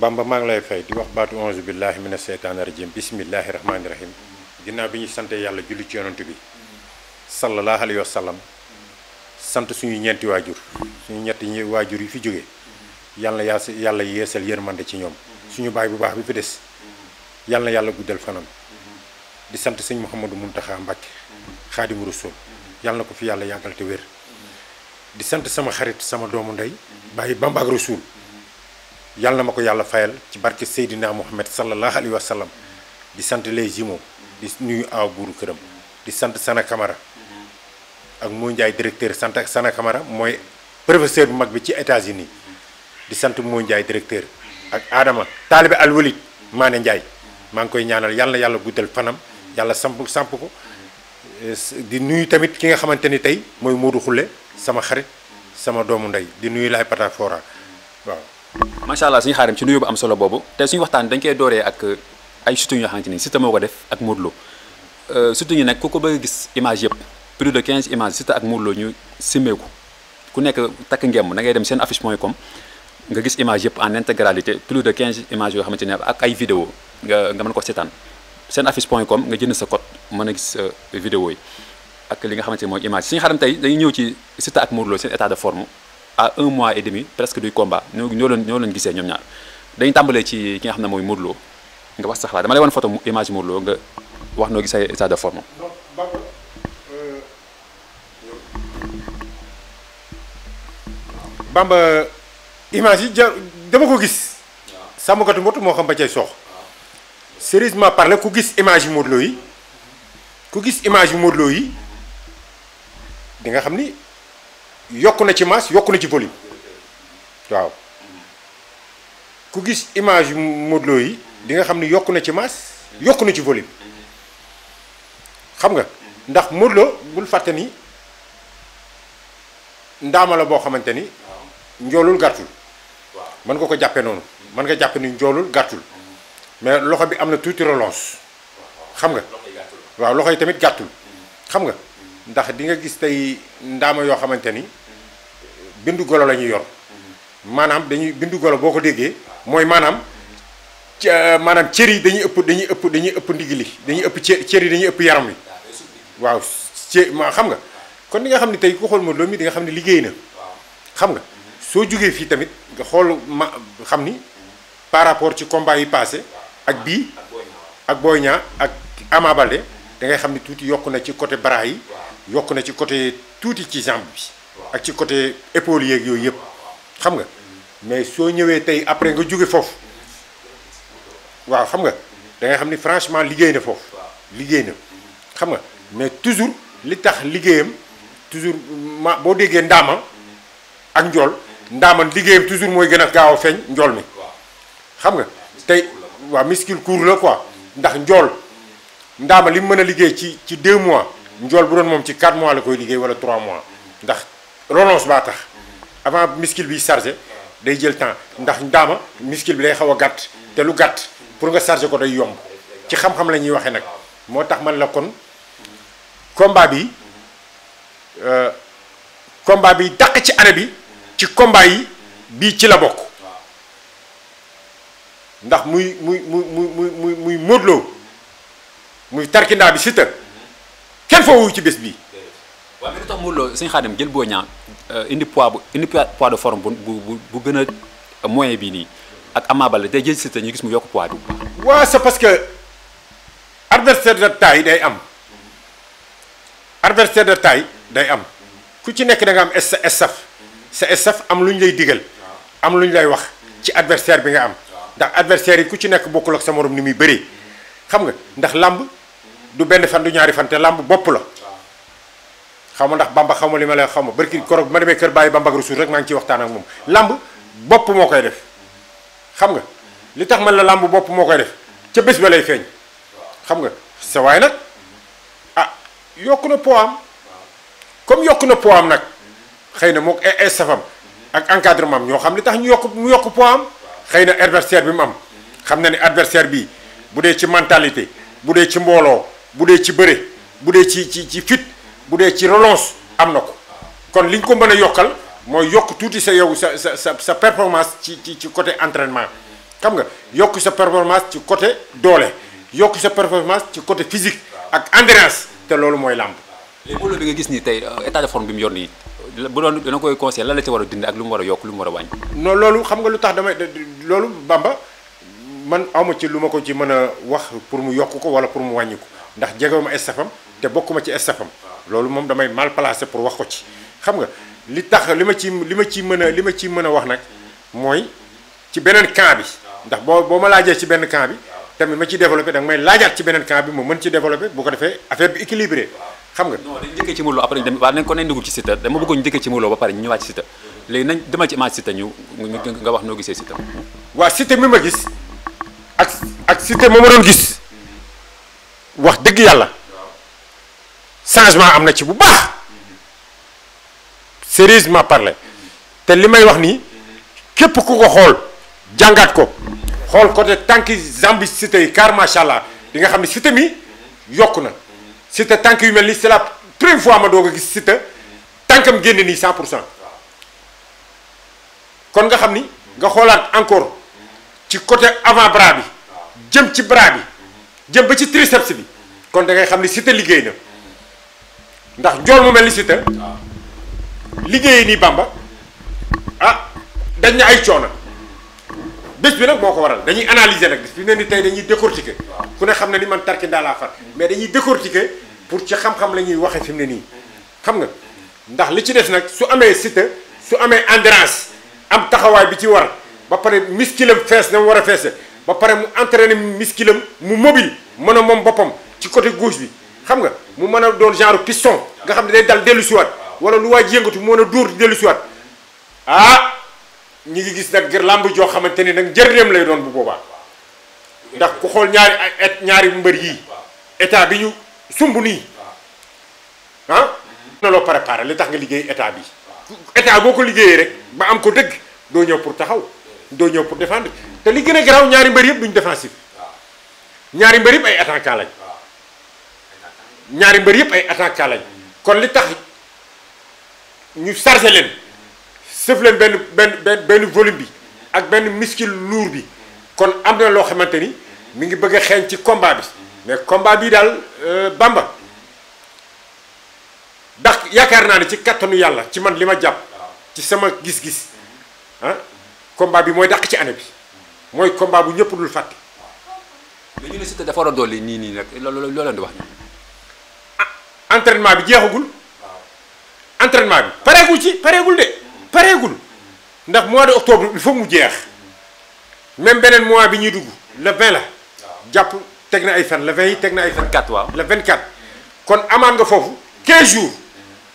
Bamba maa ngi lay fay di wax baatu onze billahi mina seytaani rajim bismillahi rahmaani rahim ginaaw bi ñu sante yàlla julli ci yonent bi sallallahu alayhi wa sallam sant suñu ñeenti waajur suñu ñetti ñi waajur yi fi jóge yàlla yaa yàlla yeesal yërmande ci ñoom suñu baay bu baax bi fi des yàlla na yàlla guddal fanam di sant sëñ Mouhamadou Mountakha Mbacké xaadimu rasul yàlla ko fi yàlla yàggal te wér di sant sama xarit sama doomu ndey bàyyi Bamba ak rasul yàlla na ma ko yàlla fayal ci barke Seydina Mohamed sallallahu alayhi wa sallam di sant les jumeaux di nuyu aw buuru këram di sant Sana kamara ak moo Ndiaye directeur sant ak Sana kamara mooy professeur bu mag bi ci états uni di sant moo Ndiaye directeur ak Adama taalibe alwalid Maane Ndiaye maa ngi koy ñaanal yàlla na yàlla guddal fanam yàlla samp samp ko di nuyu tamit ki nga xamante ni tey mooy Modou Khoule sama xarit sama doomu ndey di nuyu laay patafora waaw macha allah suñu xaarim ci nuyu bu am solo boobu te suñu waxtaan dañ koy dooree ak euh, ay shooting yoo xamante ni Siteu moo ko def ak Modou Lo shooting yi nag ku ko bëgg gis image yëpp plus de 15 images Siteu ak Modou Lo ñu simmeeku ku nekk takk ngemm da ngay dem seen affice point com nga gis image yëpp en intégralité plus de 15 image yoo xamante ne ak ay vidéo nga nga mën ko seetaan seen affiche point com nga jën sa code mën a gis euh, vidéo yi nga xamante ni mooy image suñu xaarim tey dañuy ñëw ci Siteu ak Modou Lo seen forme à un mois et demi presque du combat ñoo ñoo leen ñoo leen gisee ñoom ñaar dañu tàmbalee ci ki nga xam ne mooy Modou nga wax sax la dama lay wan photo image Lo nga wax noo gisee sa de forme. Euh, Bamba image yi dama ko gis. sàmmkatu mbott moo xam ba cay soox. sérieusement parler ku gis image yu Modou yi ku gis image yu Modou yi di xam ni. yokk na ci masse yokk na ci volume waaw ku gis image yu Modou yi di nga xam ni yokk na ci masse yokk na ci volume xam nga ndax Modou Lo bul fàtte ni ndaamala boo xamante ni njoolul gàttul mën nga ko jàppe noonu mën nga jàpp ni njoolul gàttul mais loxo bi am na tuuti relance xam nga waaw loxo yi tamit gàttul xam nga ndax di nga gis tey ndaama yoo xamante ni bindu golo la ñuy yor maanaam dañuy bindu golo boo ko déggee mooy maanaam ce maanaam cër yi dañuy ëpp dañuy ëpp dañuy ëpp ndigg li dañuy ëpp cër yi dañuy ëpp yaram wi waaw cë ma xam nga kon di nga xam ne tey ku xool Modou Lo mi di nga xam ne liggéey na xam nga soo jugee fii tamit nga xool ma xam ni par rapport ci combat yi passé ak bii ak Boy Niang ak Ama Baldé da ngay xam ni tuuti yokk na ci côté bras yi yokk na ci côté tuuti ci jambe bi ak ci côté épaule yeeg yooyu yëpp xam nga mais soo ñëwee tey après nga jóge foofu waaw xam nga da xam ni franchement liggéey na foofu liggéey na xam nga mais toujours li tax liggéeyam toujours ma boo déggee ndaama ak njool ndaama liggéeyam toujours mooy gën a gaaw a feeñ njool mi xam nga tey waaw muscle court la quoi ndax njool ndaama li mu mën a liggéey ci ci deux mois njool bu doon moom ci 4 mois la koy liggéey wala 3 mois ndax relance baa tax avant miskil bi chargé day jël temps ndax daama miskil bi day xaw a gàtt te lu gàtt pour nga chargé ko day yomb ci xam-xam la ñuy waxee nag moo tax man la kon combat bi euh, combat bi dàq ci année bi ci komba yi bii ci la bokk ndax muy muy muy muy muy muy Modou muy tarkindaa bi Siteu kenn foo wuyu ci bés bii. waaw mais lu tax jël Boy Niang euh, indi poids bu indi poids de forme bu bu bu gën a moyen bii nii ak Ama Baldé day jël Siteu ñu gis mu yokk poids bi. waaw c'est que adversaire de taille day am adversaire de taille day am ku ci nekk da am sa staff sa staff am lu ñu lay digal am lu ñu lay wax ci adversaire bi nga am ndax adversaire yi ku ci nekk bokkul ak sa morom ni muy bëree xam nga ndax làmb du benn fan du ñaari fan te làmb bopp la. xaw ma ndax bamba xaw ma li ma lay xaw ma barki koro ma demee kër bàyyi bamba ak rasuul rek maa ngi ciy waxtaan ak moom làmb bopp moo koy def xam nga li tax man la làmb bopp moo koy def ca bés ba lay feeñ xam nga sa waaye nag ah yokk na poids am comme yokk na poids am nag xëy na mook e-, e-, safam ak encadrement am ñoo xam li tax ñu yokk mu yokk poids am xëy na adversaire bi mu am xam na ne adversaire bi bu dee ci mentalité bu dee ci mbooloo bu dee ci bëre bu dee ci ci ci fit bu dee ci relance am na ko kon liñ ko mën a yokkal mooy yokk tuuti sa yow sa sa sa sa performance ci ci ci côté entraînement xam nga yokk sa performance ci côté doole yokk sa performance ci côté physique ak endurance te loolu mooy làmb. léegi mbooloo bi nga gis ni tey euh, état de forme bi mu yor nii bu doon dana koy conseil la la ci war a dindi ak lu mu war a yokk lu mu war a wàññi. non loolu xam nga lu tax damay loolu bamba man awma ci lu ma ko ci mën a wax pour mu yokk ko wala pour mu wàññi ndax jegewuma estafam te bokkuma ci estafam loolu moom damay mal placé pour wax ko ci xam nga li tax li ma ci li ma ci mën a li ma ci mën a wax nag mooy ci beneen camp bi ndax boo boo ma laajee ci benn camp bi tamit ma ci développé da may laajaat ci beneen camp bi ma mën ci développé bu ko defee affaire bi équilibré xam nga. non dañu njëkkee ci Modou Lo après dem waaw nañ ko nañ dugg ci Siteu dama bëggoon njëkkee ci Modou Lo ba pare ñu ñëwaat ci Siteu léegi nañ ñu nga wax noo gisee Siteu. waaw Siteu mi ma gis ak ak Siteu ma ma doon gis. wax dëgg yàlla changement am na ci bu baax sérieusement parler te li may wax nii képp ku ko xool jàngaat ko xool côté tànki zambi cité yi car macha allah di nga xam ne cité mi yokk na cité tànk yu mel ni c'est la première fois ma doog a gis cité tànkam génn nii 100 pour cent kon nga xam ni nga xoolaat encore ci côté avant bras bi jëm ci bras bi. jëm ba ci triceps bi kon da ngay xam ni Siteu liggéey na ndax njool mu mel ni Siteu liggéey nii Bamba ah dañ na ay coono bés bi nag moo ko waral dañuy analyser nag bi ne ni tey dañuy décortiquer ku ne xam na ni man tarki ndaa laa far mais dañuy décortiquer pour ci xam-xam la ñuy waxee fi mu ne nii xam nga ndax li ci des nag su amee Siteu su amee endurance am taxawaay bi ci war ba pare muscle am fees na mu war a feese ba pare mu entraîné miskilam mu mobile mën a moom boppam ci côté gauche bi xam nga mu mën a doon genre piston nga xam ne day dal dellu siwaat wala lu waaj yëngatu mu mën a dóor dellu siwaat ah ñi ngi gis nag làmb joo xamante ni nag njëriñam lay doon bu boobaa ndax ku xool ñaari et ñaari mbër yii état bi ñu sumb nii ah na loo préparé li tax nga liggéey état bi état boo ko liggéeyee rek ba am ko dëgg doo ñëw pour taxaw doo ñëw pour défendre te li gën a garaaw ñaari mbër yëpp duñ défensif ñaari mbër yëpp ay attaquant lañ ñaari mbër yëpp ay attaquant kon li tax ñu chargé leen sëf leen benn benn benn volume bi ak benn muscle lourd bi kon am na loo xamante ni mi ngi bëgg a xeeñ ci combat bi mais combat bii daal euh, bamba ndax yaakaar naa ne ci kattanu yàlla ci man li ma jàpp ci sama gis-gis ah combat bi mooy dàq ci année bi. mooy combat bu ñëpp dul fàtte. mais ñu war a nii nii nag loolu loo leen di wax. ah entraînement bi jeexagul. entraînement bi pareegul ci pareegul de pareegul ndax mois de octobre il faut mu jeex même beneen mois bi ñuy dugg le 20 la. jàpp teg na ay fan le 20 yi teg na ay fan. 24 waaw le 24. kon amaan nga foofu quinze jours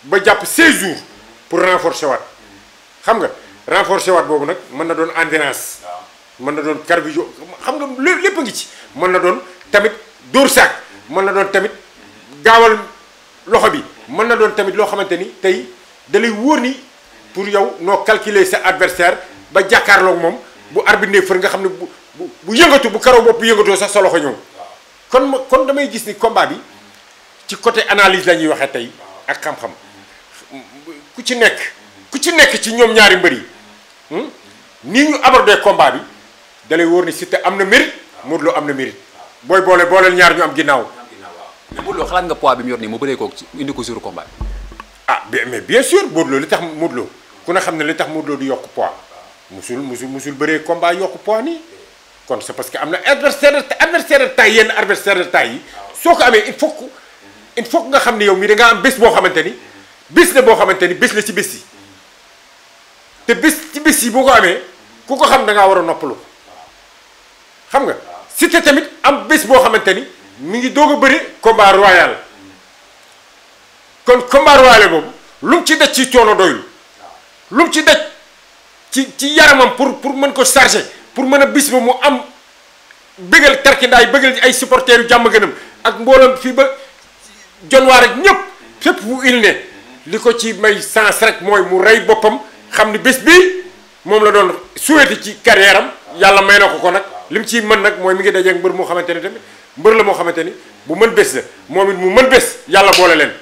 ba jàpp 16 jours pour renforcer waat xam nga renforcer waat boobu nag mën na doon endurance. mën na doon carburant xam nga lépp ngi ci mën na doon tamit dóor saak mën na doon tamit gaawal loxo bi mën na doon tamit loo xamante ni tey dalay wóor ni pour yow noo calculer sa adversaire ba jàkkaarlook moom bu arbitre fër nga xam ne bu bu yëngatu bu karaw bopp yëngatoo sax sa loxo ñëw kon ma kon damay gis ni combat bi ci côté analyse la ñuy waxee tey ak xam-xam ku ci nekk ku ci nekk ci ñoom ñaari mbër yi hmm? nii ñu abordé combat bi dalay wóor ni te am na mérite Modou Lo am na mérite booy boole booleel ñaar ñu am ginnaaw. mais Modou xalaat nga pois bi mu yor nii mu bëree ko indi ko sur combat ah mais bien sûr Modou Lo li tax Modou Lo ku ne xam ne li tax Modou Lo di yokk poids su musul musul bëree combat yokk poids nii kon c'est parce que am na adversaire adversaire de yenn adversaire de yi soo ko amee il fook que il nga xam ne yow mii da ngaa am bés boo xamante ni bés la boo xamante ni bés la ci bés te bés ci bés yi boo ko amee ku ko xam da ngaa war a noppalu xam nga site tamit am bés boo xamante ni mu ngi doog a bëri combat royal kon combat royal boobu lu mu ci daj ci coono doyul lu mu ci daj ci ci yaramam pour pour mën ko charger pour mën a bis ba mu am bëggal tarkindaay bëggal ay supporteurs yu jàmm gënam ak mbooloom fi ba jonwaar ak ñëpp fépp fu il ne li ko ci may sens rek mooy mu rey boppam xam ni bés bi moom la doon souhaité ci carrière am yàlla may na ko ko nag li mu ci mën nag mooy mi ngi dajeeg mbër moo xamante ni tamit mbër la moo xamante ni bu mën bés la moom it mu mën bés yàlla boole leen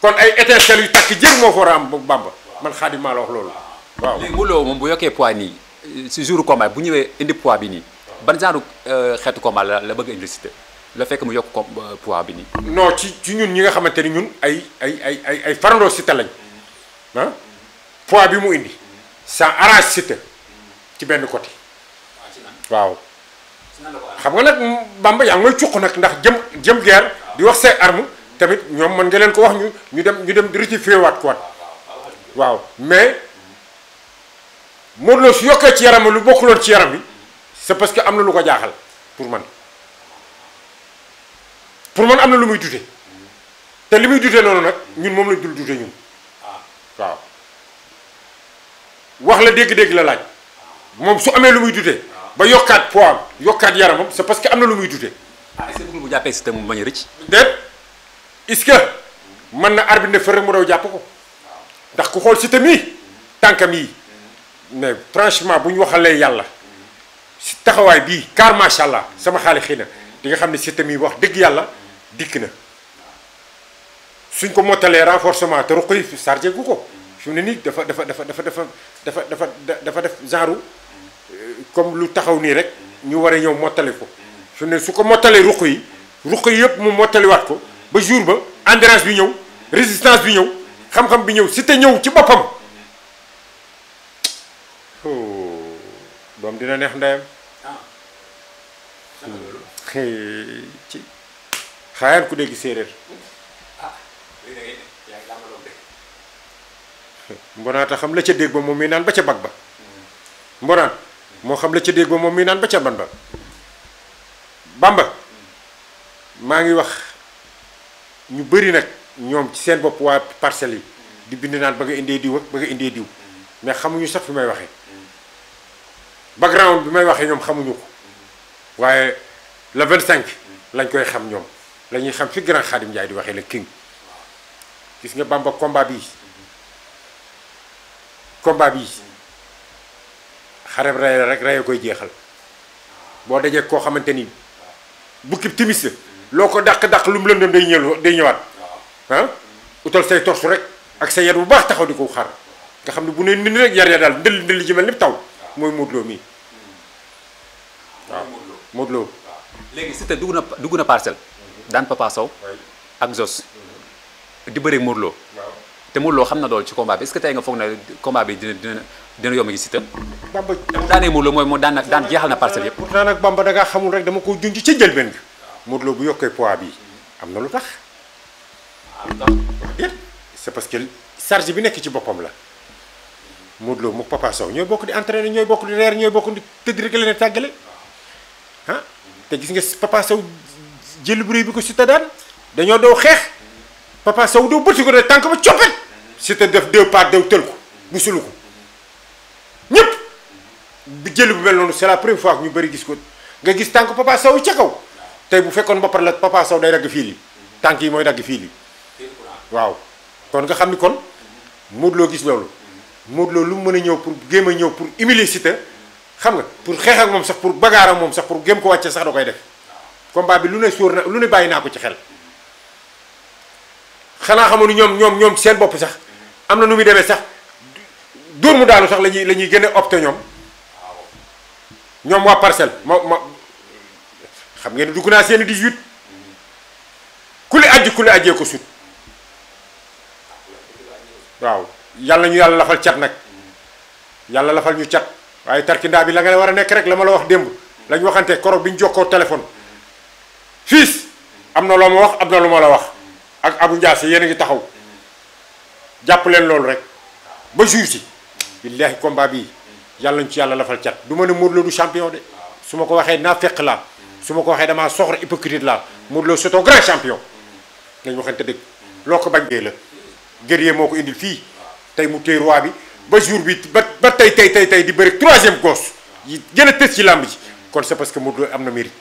kon ay étincelle yu takk jër moo fa war a am Bamba man Xaadim la wax loolu waaw léegi moom bu yokkee poids nii si jour combat bu ñëwee indi pois bi nii ban genre euh, xeetu combat la la bëgg a indi cité la fekk mu yokk ko euh, poids bi nii non ci ci ñun ñi nga xamante ni ñun ay ay ay ay ay farandoo cité lañ ah bi mu indi ça arrange cité ci benn côté waaw xam nga nag Bamba yaa ngi may cuq nag ndax jëm jëm guerre di wax say arm tamit ñoom mën nga leen ko wax ñu ñu dem ñu dem rectifié waat quoi waaw mais Modou Lo su yokkee ci yaram lu bokkuloon ci yaram bi c'est parce que am na lu ko jaaxal pour man pour man am na lu muy dute te li muy dute noonu nag ñun moom la dul dute ñun waaw wax la dégg-dégg la laaj moom su amee lu muy dute ba yokkaat poids am yokkaat yaramam c'est parce que am na lu muy dute. ah est-ce que bu jàppee système mu bañ a rëcc. déet est-ce que mën na arbitre ne fër rek mu daw jàpp ko ndax ku xool système yi tànkam yi mais franchement bu ñu waxalee yàlla si taxawaay bii car macha allah sama xaalis xii na di nga xam ne système yi wax dëgg yàlla dikk na suñ ko mottalee renforcement te ruq yi chargé ko fi mu ne nii dafa dafa dafa dafa dafa dafa dafa def genre. comme lu taxaw nii rek ñu war a ñëw mottali ko su ne su ko mottalee ruq yi ruq yi yëpp mu mottaliwaat ko ba jour ba endurance bi ñëw résistance bi ñëw xam-xam bi ñëw si te ñëw ci boppam oh, doom dina neex ndeyam ah. ci ku dégg séeréer ah, mbonaata xam la ca dégg ba moom mi naan ba ca bag ba hmm. mbonaan moo xam la ca dégg ba moom mi naan ba ca Bamba Bamba maa ngi wax ñu bëri nag ñoom ci seen bopp waa parcelles yi di bind naan ba nga indee diw ba nga indee diw mais xamuñu sax fi may waxee background bi may waxee ñoom xamuñu ko waaye le cinq lañ koy xam ñoom lañuy xam fi grand Khadim Ndiaye di waxee le king gis nga Bamba combat bii combat bii. xareb rey la rek reye koy jeexal boo dajee koo xamante ni bukki timis loo ko dàq-dàq lu mu lëndëm day ñëw day ñëwaat ah utal say torsu rek ak sa yar bu baax taxaw di ko xar nga xam ne bu ne nii rek yar ya daal ndëll ndëll ji mel ni taw mooy Modou Lo mii waaw Modou léegi Siteu dugg na dugg na parcelle mhm. daan Papa Sow ak Zos di bëreeg Modou te Modou Lo xam na loolu ci combat bi est-ce que tey nga foog na combat bi dina dina yomb gi Siteu. Bamba daanee Modou Lo mooy moo daan daan jeexal na parcelle yëpp. pourtant nag Bamba da ngaa xamul rek dama bu yokkee poids bi am na lu tax. Ah, c'est parce que charge bi nekk ci boppam la. Modou Lo mu Papa ñooy bokk di entraîner ñooy bokk di reer ñooy bokk di tëdd rek la tàggale ah, te gis nga Papa Sow jël bu rëy bi ko Siteu daan dañoo doo xeex Papa Sow doo bëtt ko ne tànk ba coppet Siteu def deux pas dew tël ko bu sulu ko ñëpp bi jël bu mel noonu c'est la première fois ñu bari gis ko nga gis tànk Papa Sow yi ca kaw tey bu fekkoon ba par la Papa saw day dagg fii lii tànk yi mooy dagg fii lii waaw kon nga xam ni kon Modou loo gis loolu Modou loo lu mën a ñëw pour géem a ñëw pour humilier Siteu xam nga pour xeex ak moom sax pour bagaar moom sax pour géem ko wàcce sax da koy def combat bi lu ne sóor na lu ne bàyyi naa ko ci xel xanaa xamoon ñoom ñoom ñoom seen bopp sax am na nu muy demee sax dóor mu daanu sax la ñuy la ñuy gën ñoom ñoom waa parcel ma ma xam ngeen dugg naa seen 18 ku li ajj ku li ajjee ko sut waaw yàlla ñu yàlla lafal cat nag yàlla lafal ñu cat waaye tarkindaa bi la nga war a nekk rek la ma la wax démb la waxante koro bi ñu jokkoo téléphone fiis am na loo ma wax am na lu ma la wax ak Abu Ndiasse yéen a ngi taxaw jàpp leen loolu rek ba juge si billahi combat bii yàlla ñu ci yàlla lafal cat du ma ne Modou Lo du champion de su ma ko waxee naa fekk laa su ma ko waxee damaa soxla hypocrite laa Modou Lo c'est un grand champion dañ waxante dëgg loo ko bañ la guerrier moo ko indil fii tey mu téye roi bi ba jour bi ba ba tey tey tey tey di bëri troisième gosse yi gën a tës ci làmb ji kon c'est parce que Modou am na mérite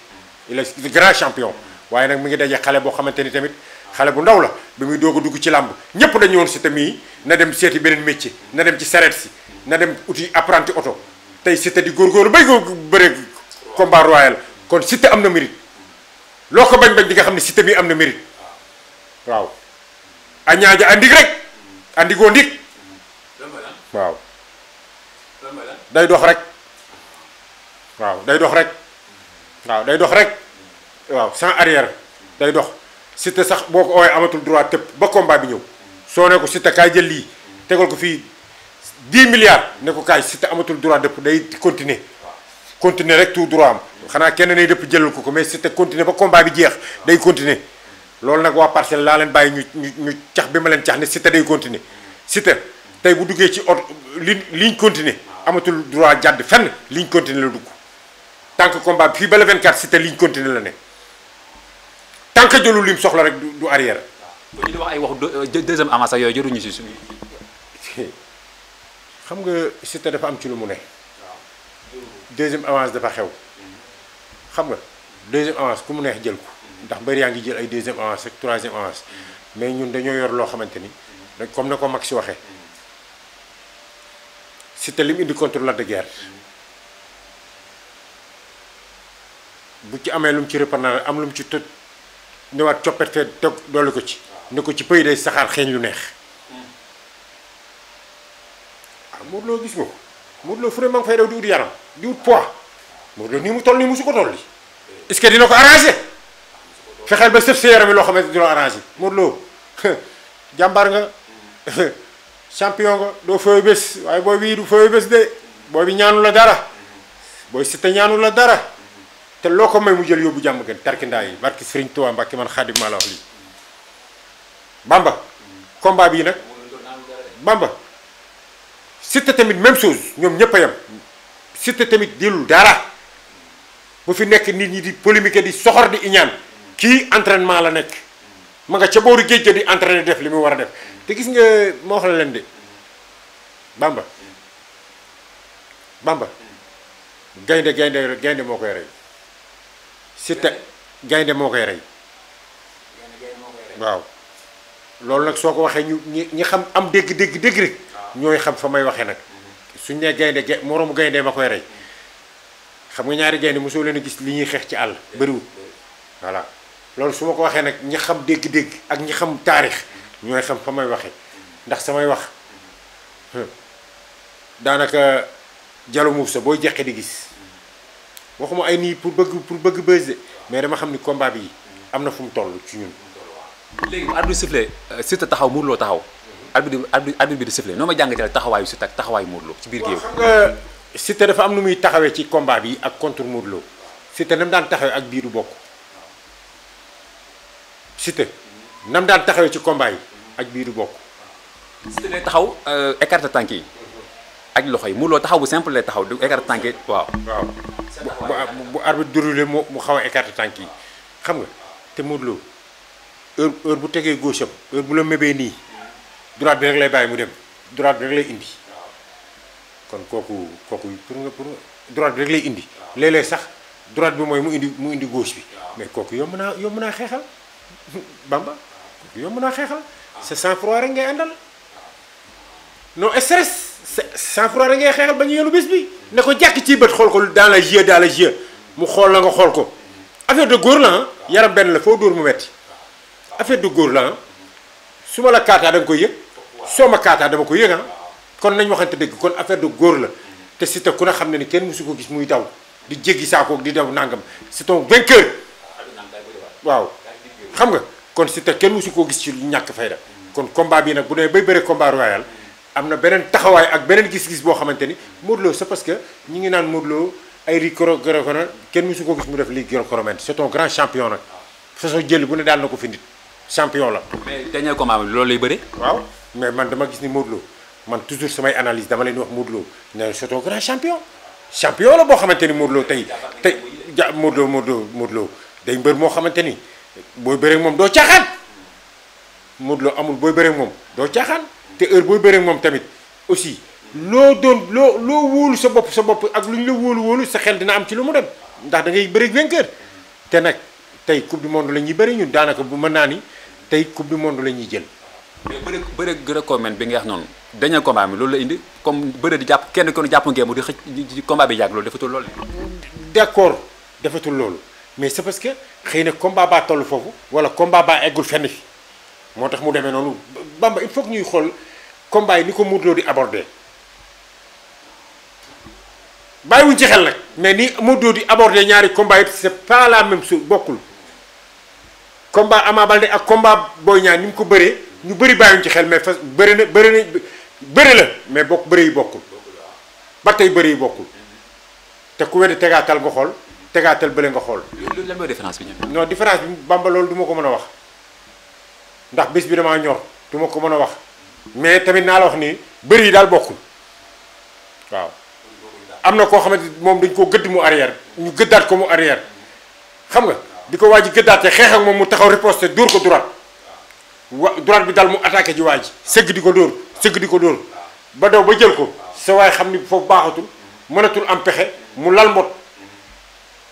il est grand champion waaye nag mu ngi daje xale boo xamante ni tamit xale bu ndaw la bi muy doog a dugg ci làmb ñépp dañu woon si tamit na dem seeti beneen métier na dem ci sareet si na dem uti apprenti oto tey Siteu di góorgóorlu bay ko bëre combat royal kon Siteu am na mérite loo ko bañ bañ di nga xam ne Siteu bi am na mérite waaw a ñaaja andig rek andigoo ndig waaw day dox rek waaw day dox rek waaw day dox rek waaw day dox Siteu sax boo ko oowee amatul droit tëpp ba combat bi ñëw soo ne ko Siteu kaay jël lii tegal ko fii 10 milliards ne ko kaay Siteu amatul droit dëpp day continuer continuer rek tout droit am xanaa kenn nay dëpp jëlal ko ko mais Siteu continuer ba comba bi jeex day continuer loolu nag waa parcelle laa leen bàyyi ñu ñu ñu cax bi ma leen cax ne Siteu day continuer Siteu tey bu duggee ci oto li liñ continuer amatul droit jàdd fenn liñ continuer la dugg tant que combat fii ba le 24 Siteu liñ continuer la ne tant que jëlul lim soxla rek du arrière. waaw ñu di wax ay wax euh, deuxième avance ak yooyu jëruñu si suñu. xam nga Siteu dafa am ci lu mu ne. deuxième avance dafa xew. Mm-hmm. xam nga deuxième avance ku mu neex jël ko. Mm-hmm. ndax mbër yaa ngi jël ay deuxième avance ak troisième avance. Mm-hmm. mais ñun dañoo yor loo xamante ni. comme na ko mag si waxee. Siteu lim indi contre de Guiers. bu ci amee lu mu ci reprendre am lu mu ci tëdd ñëwaat coppite teg doole ko ci ne ko ci pëy day saxaar xeeñ lu neex hmm. ah Modou Lo gis nga ko Modou Lo fu ne ma ngi fay daw di wut yaram di wut poids Modou Lo nii mu toll nii musu ko toll li est que dina ko arrangé fexeel ba sëf sa yaram yi loo xamante dina arrangé Modou Lo jàmbaar nga champion nga doo fooy bés waaye booy bii du fooy bés de booy bi ñaanu la dara booy Siteu ñaanu la dara te loo ko may mu jël yóbbu jàmm gën tarkindaa yi barki Sëriñ Tuubaa Mbàkke man xaadim maa la wax lii Bamba combat bii nag Bamba Siteu tamit même chose ñoom ñëpp a yem Siteu tamit dilul dara bu fi nekk nit ñi di polémique di soxor di iñaan kii entrainement la nekk ma nga ca booru géej ga di entraîné def li mu war a def te gis nga ma wax la leen de Bamba Bamba gaynde gaynde gaynde moo koy rey Siteu gaynde moo koy rey waaw loolu nag soo ko waxee ñu ñi xam am dégg dégg dégg rek ñooy xam fa may waxee nag mm-hmm. suñ ne gaynde ga moroomu gaynde ma koy rey mm-hmm. xam nga ñaari gaynde mosoo leen gis li ñuy xeex ci àll bariw voilà loolu su ma ko waxee nag ñi xam dégg dégg ak ñi xam taarix mm-hmm. ñooy xam fa may waxee ndax samay wax daanaka jalu muuf sa booy jeqi di gis waxuma ay nii pour bëgg pour bëgg buzz mais dama xam ni kombaa bi am na fu mu toll ci ñun. léegi bu arbitre sifflé taxaw Modou taxaw. arbitre arbitre bi di sifflé ma jàngatee taxawaayu Siteu ak taxawaayu Modou Lo ci biir géew. xam nga Siteu am nu muy taxawee ci combat bi ak contre Modou Lo Siteu nam daan taxawee ak bii du bokk Siteu nam daan taxawee ci combat yi ak bii du bokk. Siteu day taxaw euh, écarté tànk yi. ak loxo yi Modou Lo taxaw bu simple lay taxaw du écarté tànk yi waaw. waaw bu bu arbitre déroulé mu mu xaw a écarté tànk yi xam nga te Modou Lo heure heure bu tegee gauche am heure bu la mébee nii droite bi rek lay bàyyi mu dem droite bi rek lay indi kon kooku kooku pour nga pour droite indi léeg sax droite bi mooy mu indi mu indi gauche bi mais kooku yomb naa yomb naa xeexal Bamba kooku yomb naa xeexal sa sang froid rek ngay àndal non stress. Sangfroid da ngay xeexal ba ñu yenu bés bi ne ko jàkk ci bët xool ko dans la jeu dans la jeu mu xool la nga xool ko affaire de góor la ah. yaram benn la foo dóor mu metti affaire de góor la ah. su ma la kaataa da nga koy yëg soo ma kaataa dama ko yëg a ah. kon nañ waxante dëgg kon affaire de góor la te si ku ne xam ne ni kenn musu ko gis muy taw di jéggi saako di daw nangam c'est ton vainqueur waaw xam nga kon si te kenn musu koo gis ci lu ñàkk fayda kon combat bi nag bu dee bay bëre combat royal am na beneen taxawaay ak beneen gis-gis boo xamante ni Modou Lo parce que ñi ngi naan Modou Lo ay ri kenn mësu ko gis mu def lii koro koro c'est un grand champion nag façon jël bu ne daal na ko fi champion la. mais dernier combat loolu lay bëri. waaw mais man dama gis ni Modou Lo man toujours samay analyse dama leen wax Modou Lo ne c'est un grand champion. champion la boo xamante ni Modou tey tey ja Modou Lo Modou Lo day mbër moo xamante ni booy bëree moom doo caaxaan Modou amul booy bëri moom doo caaxaan. te heure booy bëree moom tamit aussi loo doon loo loo wóolu sa bopp sa bopp ak lu ñu la wóolu wóolu sa xel dina am ci lu mu dem ndax da ngay bëri vainqueur te nag tey coupe du monde la ñuy bëri ñun daanaka bu mën naa ni tey coupe du monde la ñuy jël. mais bëre bëre gréco-romaine bi nga wax noonu dañu combat loolu la indi comme bëre di jàpp kenn kon jàpp ngeen mu di xëcc di combat bi yàgg loolu defatul loolu. d'accord defatul loolu mais c'est parce que xëy na combat baa toll foofu wala combat baa eggul fenn fi. moo tax mu demee noonu Bamba il faut ñuy xool combat yi ni ko Modou Lo di abordé bàyyiwuñ ci xel nag mais ni Modou Lo di abordé ñaari combat yi c'est pas la même chose bokkul combat Ama Baldé ak combat booy Niang ni mu ko bëree ñu bëri bàyyiwuñ ci xel mais fas bëri na bëri na bëri la mais bokk bëri yi bokkul ba tey bëri yi bokkul te ku weddi tegaatal nga xool tegaatal bële nga xool. loolu la mooy différence bi ñoom. non différence bi Bamba loolu du ma ko mën a wax. ndax bés bi damaa ñor du ma ko mën a wax mais tamit naa la wax nii bëri daal bokkul waaw. am na koo xamante moom dañ koo gëdd mu arrière ñu gëddaat ko mu arrière xam nga di ko waa ji gëddaat xeex xeexam moom mu taxaw riposte dóor ko droite wa droite bi daal mu attaqué ji waa ji sëgg di ko dóor sëgg di ko dóor ba doo ba jël ko sa waaye xam ni foofu baaxatul mënatul am pexe mu lal mbot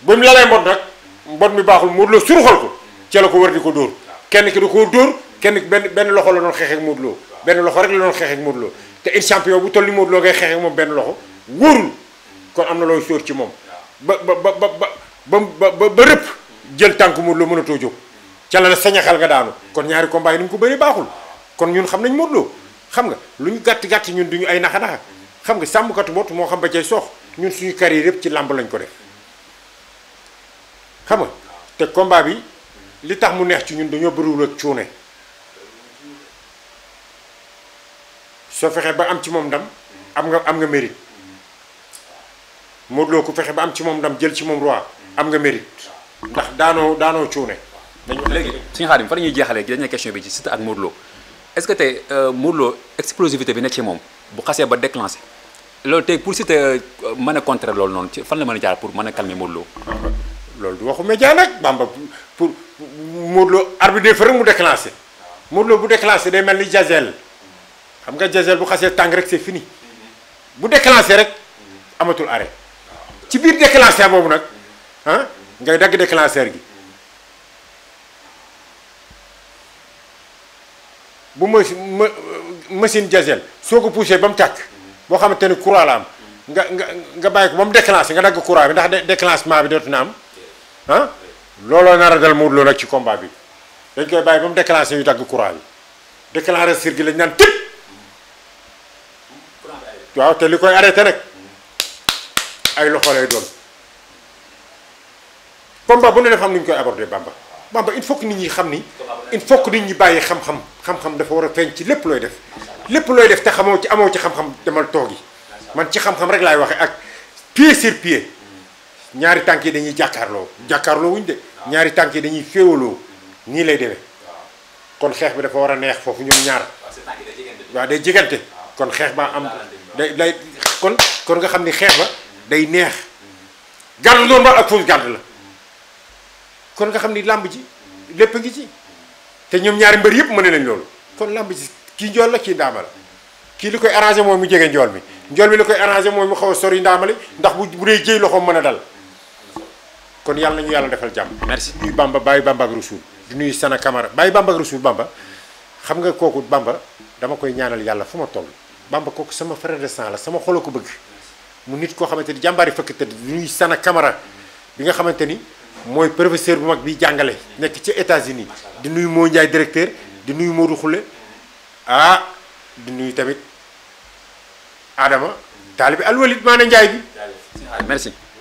ba mu lalee mbot nag mbot mi baaxul mu la suruxal ko ca la ko war ko dóor kenn benn benn loxo la doon xeexee ak benn loxo rek la doon xeex ak Modou Lo te il champion bu toll ni Modou Lo ngay xeex moom benn loxo wóorul kon am na looy sóor ci moom ba ba ba ba ba rëpp jël tànk Modou mënatoo jóg ca la la sañaxal nga daanu kon ñaari combat yi ni mu ko bëree baaxul kon ñun xam nañ Modou xam nga lu ñu gàtt gàtt ñun duñu ay naxa-naxa xam nga sàmmkatu boot moo xam ba cay soox ñun suñu kar yi yëpp ci làmb lañ ko def xam te combat bi li tax mu neex ci ñun dañoo bëriwul cuune soo fexee ba am ci moom ndam am nga am nga mérite Modou ku fexe ba am ci moom ndam jël ci moom roi am nga mérite ndax daanoo daanoo cuune. dañu wax léegi suñu xaarim fa la ñuy jeexalee dañu question bi ci Siteu ak Modou Lo est-ce que tey euh, Modou Lo explosivité bi nekk ci moom bu xasee ba déclenché loolu tey pour Siteu euh, mën a contrer loolu noonu ci fan la mën a jaar pour mën a calmer Modou Lo. loolu du waxu média nag Bamba pour Modou Lo arbitre bi rek mu déclenché Modou Lo bu déclenché day mel ni jazel. xam nga diesel bu xasee tàng rek c'est fini bu déclenché rek amatul are ci biir déclencheur boobu nag ah, ngay dagg déclencheur gi bu machine machine diesel soo ko poussé ba mu tàkk boo xamante ni courant la am nga nga nga bàyyi ko ba mu déclenché nga dagg courant bi ndax déclenchement bi dootu na am ah. looloo nar a dal Modou Lo nag ci combat bi dañ koy bàyyi ba mu déclenché ñu dagg courant bi déclencheur gi lañ naan tëpp. waaw te li koy arrêté nag ay loxo lay doon combat bu ne def am nu ñu koy abordé Bamba Bamba il faut nit ñi xam ni il faut que nit ñi bàyyi xam-xam xam-xam dafa war a feeñ ci lépp looy def lépp looy def te xamoo ci amoo ci xam-xam demal toogi man ci xam-xam rek laay waxe ak pied sur pied ñaari tànk yi dañuy jàkkaarloo jàkkaarloo wuñ de ñaari tànk yi dañuy féewaloo nii lay demee kon xeex bi dafa war a neex foofu ñoom ñaar waaw day jigante kon xeex baa am day day kon kon nga xam ni xeex ba day neex garde doon ba ak fausse garde la kon nga xam ni làmb ji lépp a ngi ci te ñoom ñaari mbër yëpp mën nañ loolu kon làmb ji kii njool la kii ndaama kii li koy arrangé mooy mu jege njool mi njool mi li koy arrangé mooy mu xaw a sori ndaamali ndax bu bu dee jëy loxoom mën a dal kon yàlla nañu yàlla defal jàmm merci nuyu bamba bàyyi bamba ak rasul du nuyu sana camara bàyyi bamba ak rasul xam nga kooku bamba dama koy ñaanal yàlla fu ma toll Bamba kooku sama frère la sama xol a ko bëgg mu nit koo xamante ni jàmbaari fëkk tëdd du ñuy Sana Camara bi nga xamante ni mooy professeur bu mag bi jàngale nekk ci États-Unis di nuyu moo Ndiaye directeur di nuyu Modou Khoule ah di nuyu tamit Adama taalibi Alwalid maanaam Ndiaye bi merci